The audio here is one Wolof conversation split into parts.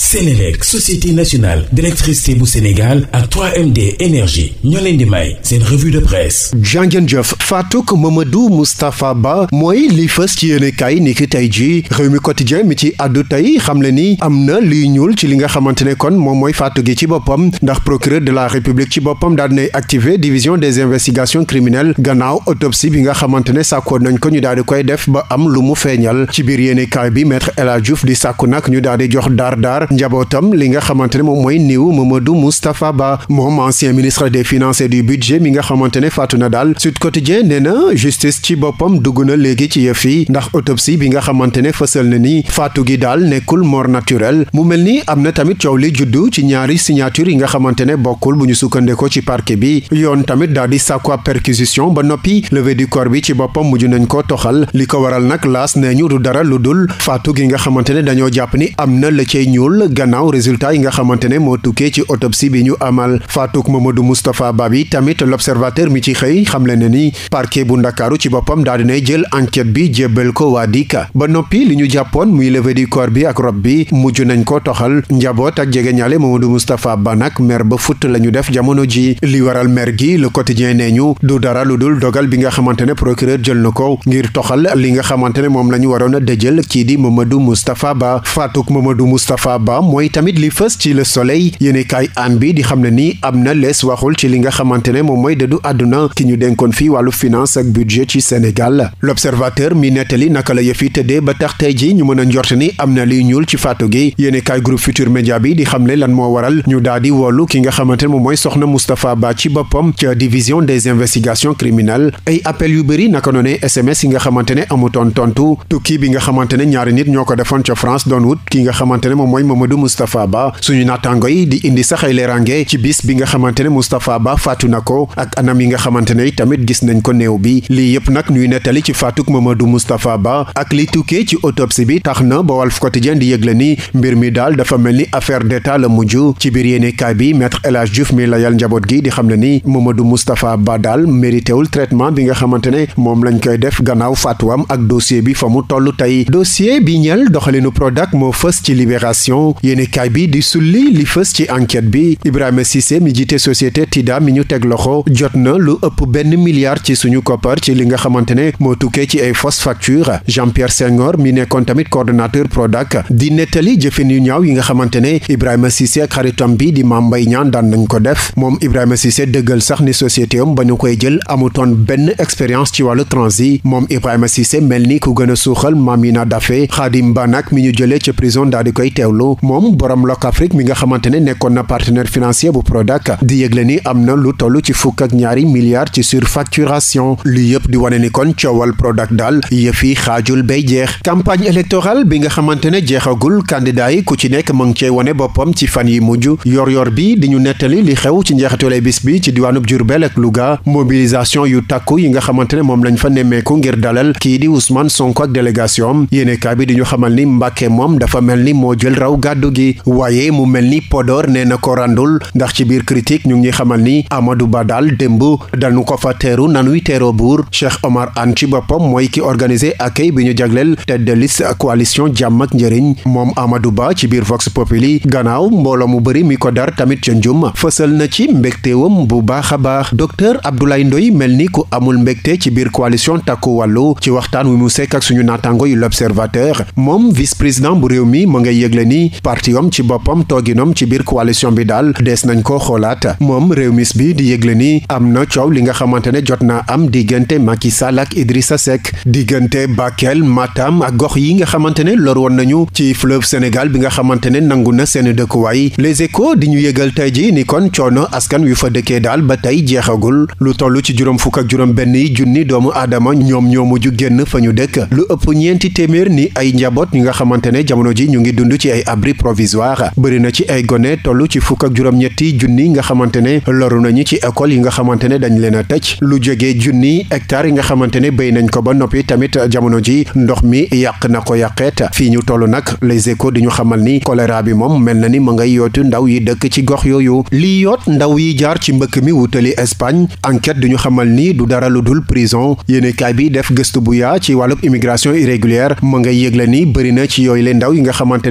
Sénélec société nationale d'électricité bu Sénégal ak 3MD énergie ñoo leen di may seen revue de presse jàngeen jëf faatuk Mamadou Moustapha Ba mooy lii fës ci yéene kay ni tey ji réew mi quotidien mi ci àddu tey xam le ni am na liy ñuul ci li nga xamante ne kon moom mooy faatu gi ci boppam ndax procureur de la république ci boppam daal dinay activé division des investigations criminelles gannaaw autopsie bi nga xamante ne sàkkoon nañ ko ñu daal di koy def ba am lu mu feeñal ci biir yéene kay bi maître ella jouf di sàkku nag ñu daal di jox daar daar njabootam li nga xamante ne moom mooy néew Mamadou Moustapha Ba moom ancien ministre des finances et du budget mi nga xamante ne faatu na daal Sud Quotidien nee na justice ci boppam dugg na léegi ci yëf yi ndax autopsie bi nga xamante ne fësal na ni faatu gi daal nekkul mort naturelle mu mel ni am na tamit coow li juddu ci ñaari signature yi nga xamante ne bokkul bu ñu sukkandekoo ci parquet bi yoon tamit daal di sàkku ab ba noppi levée du corps bi ci boppam mujj nañ ko toxal li ko waral nag laas nee ñu du dara lu dul faatu gi nga xamante ne dañoo jàpp ni am na la cay ñuul amul gannaaw résultat yi nga xamante ne moo tukkee ci autopsie bi ñu amal faatuk Mamadou Moustapha Babi tamit l'observateur mi ci xëy xamle ne ni parquet bu ndakaaru ci boppam daal dinay jël enquête bi jébbal ko waa dika ba noppi li ñu jàppoon muy levée du corps bi ak rob bi mujj nañ ko toxal njaboot ak jegeñaale Mamadou Moustapha Ba nag mer ba futt la ñu def jamono ji li waral mer gi le quotidien nee ñu du dara lu dul dogal bi nga xamante ne procureur jël na ko ngir toxal li nga xamante moom la ñu waroon a ba mooy tamit li fës ci le soleil yéenekaay aan bi di xam ne ni am na lees waxul ci li nga xamante ne moom mooy dëddu àdduna ki ñu dénkoon fii wàllu finance ak budget ci Sénégal l'observateur mi nettali naka la yëfi tëddee ba tax tey ji ñu mën a njort ni am na liy ñuul ci faatu gi yéenekaay groupe Futur Média bi di xam ne lan moo waral ñu daal di wolu ki nga xamante ne moom mooy soxna Moustapha Ba ci boppam ca division des investigations criminelles ay yu bëri naka noone SMS yi nga ne amutoon tontu tukki bi nga xamante ne ñaari nit ñoo ko defoon ca Mamadou Moustapha Ba suñu naataango yi di indi sax ay leerange ci bis bi nga xamante ne Moustapha Ba faatu na ko ak anam yi nga xamante ne tamit gis nañ ko néew bi lii yëpp nag ñuy nettali ci faatuk du mustafa Ba ak li tukkee ci autopsie bi tax na ba Walf Quotidien di yëgle ni mbir mi daal dafa mel ni affaire d'état la mujj ci biir yéenekaay bi maître El Hadj Diouf mi yal njaboot gi di xam ne ni Mamadou Moustapha Ba daal méritéwul traitement bi nga xamante ne moom lañ koy def gannaaw faatuwam ak dossier bi fa mu toll tey dossier bi ñel doxalinu Prodac libération Matignon yéenekaay bi di sulli li fës ci enquête bi Ibrahima Cissé mi jiite société Tida mi ñu teg loxo jot na lu ëpp benn milliard ci suñu koppar ci li nga xamante ne moo tukkee ci ay fausse facture Jean-Pierre Senghor mi nekkoon tamit coordonnateur Prodac di nettali jëfin yu ñaaw yi nga xamante ne Ibrahima Cissé ak xaritam bi di Mame mbay ñaan daan nañ ko def moom Ibrahima Cissé dëggal sax ni société am ba ñu koy jël amutoon benn expérience ci wàllu transit moom Ibrahima Cissé mel ni ku gën a suuxal Mamina Daffé Khadim Banak mi ñu jëlee ca prison daal di koy teewlu Sow moom borom Lok Afrique mi nga xamante ne nekkoon na partenaire financier bu Prodac di yëgle ni am na lu toll ci fukk ak ñaari milliards ci surfacturation lu yëpp di wane ni kon coowal Prodac daal yëfi xaajul bay jeex campagne électorale bi nga xamante ne jeexagul candidat yi ku ci nekk mu ngi cee boppam ci fan yi mujj yor-yor bi di ñu nettali li xew ci njeexitale bis bi ci diwaanub Diourbel ak Louga mobilisation yu takku yi nga xamante ne moom lañ gàddu gi waaye mu mel ni podoor nee na ko randul ndax ci biir critique ñu ngi xamal ni amadu Ba daal démb dañu ko fa teeru nan wi teeroo buur Cheikh Omar Anne ci boppam mooy ki organiser accueil bi ñu jagleel te de liste coalition jàmm ak njëriñ moom amadu Ba ci biir Vox Populi gannaaw mbooloo mu bëri mi ko dar tamit ca njum fësal na ci mbégteewam bu baax a baax docteur Abdoulaye Ndoye mel ni ku amul mbégte ci biir coalition takku wàllu ci waxtaan wi mu sekk ak suñu naataango yu l'observateur moom vice président bu réew mi mu ngay yëgle ni ni partiwam ci boppam tooginam ci biir coalition bi daal des nañ ko xoolaat moom réew mis bi di yëgle ni am na coow li nga xamante ne jot na am diggante Macky Sall ak Idrissa Seck diggante Bakel Matam ak gox yi nga xamante ne lor woon nañu ci fleuve Sénégal bi nga xamante ne nangu na seen dëkkuwaay les échos di ñu yëgal tey ji ni kon coono askan wi fa dëkkee daal ba tey jeexagul lu toll ci juróom fukk ak juróom benn yi junni doomu aadama ñoom ñoo mujj génn fa ñu dëkk lu ëpp ñeenti téeméer ni ay njaboot ñi nga xamante ne jamono ji ñu ngi dund ci ay ab abri provisoire bëri na ci ay gone toll ci fukk ak juróom-ñetti junni nga xamante ne loru nañu ci école yi nga xamante ne dañ leen a tëj lu jógee junni hectare yi nga xamante ne béy nañ ko ba noppi tamit jamono ji ndox mi yàq na ko yàqeet fii ñu toll nag les échos di ñu xamal ni choléra bi moom mel na ni mu ngay yootu ndaw yi dëkk ci gox yooyu lii yoot ndaw yi jaar ci mbëkk mi wutali Espagne enquête duñu xamal ni du dara lu dul prison yéenekaay bi def gëstu bu yaa ci wàllub immigration irrégulière ma ngay yëgle ni bëri na ci yooyu le ndaw yi nga xamante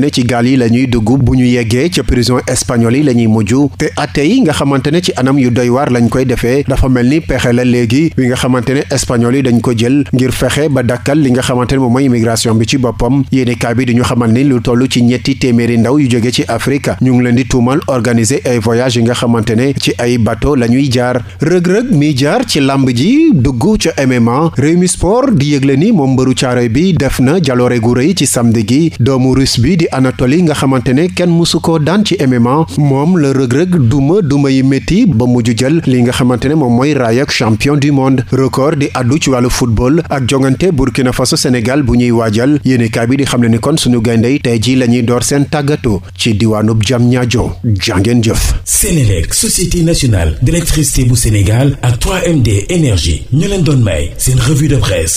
yi la ñuy dugg bu ñu yeggee ca prison espagnole yi la ñuy mujj te atte yi nga xamante ne ci anam yu doy waar lañ koy defee dafa mel ni pexe la léegi wi nga xamante ne espagnol yi dañ ko jël ngir fexe ba dakkal li nga xamante ne moom mooy immigration bi ci boppam yéenekaay bi di ñu xamal ni lu tollu ci ñetti téeméeri ndaw yu jóge ci Afrique ñu ngi leen di tuumal organiser ay voyage yi nga xamante ne ci ay bato la ñuy jaar rëg-rëg mi jaar ci làmb ji dugg ca MMA Rewmi Sport di yëgle ni moom mbëru caaroy bi def na jaloore gu rëy ci samedi gi yi nga xamante ne kenn mësu koo daan ci MMA moom la rëg-rëg duma duma yi métti ba mujj jël li nga xamante ne moom mooy raay ak champion du monde record di addu ci wàllu football ak jongante Burkina Faso senegal bu ñuy waajal yéenekaay bi di xam ne ni kon suñu gayndey tey jii la ñuy door seen tàggatu ci diwaanub Diamniadio jàngeen jëf Sénélec société nationale d'électricité bu Sénégal ak 3MD énergie ñu leen doon may seen revue de presse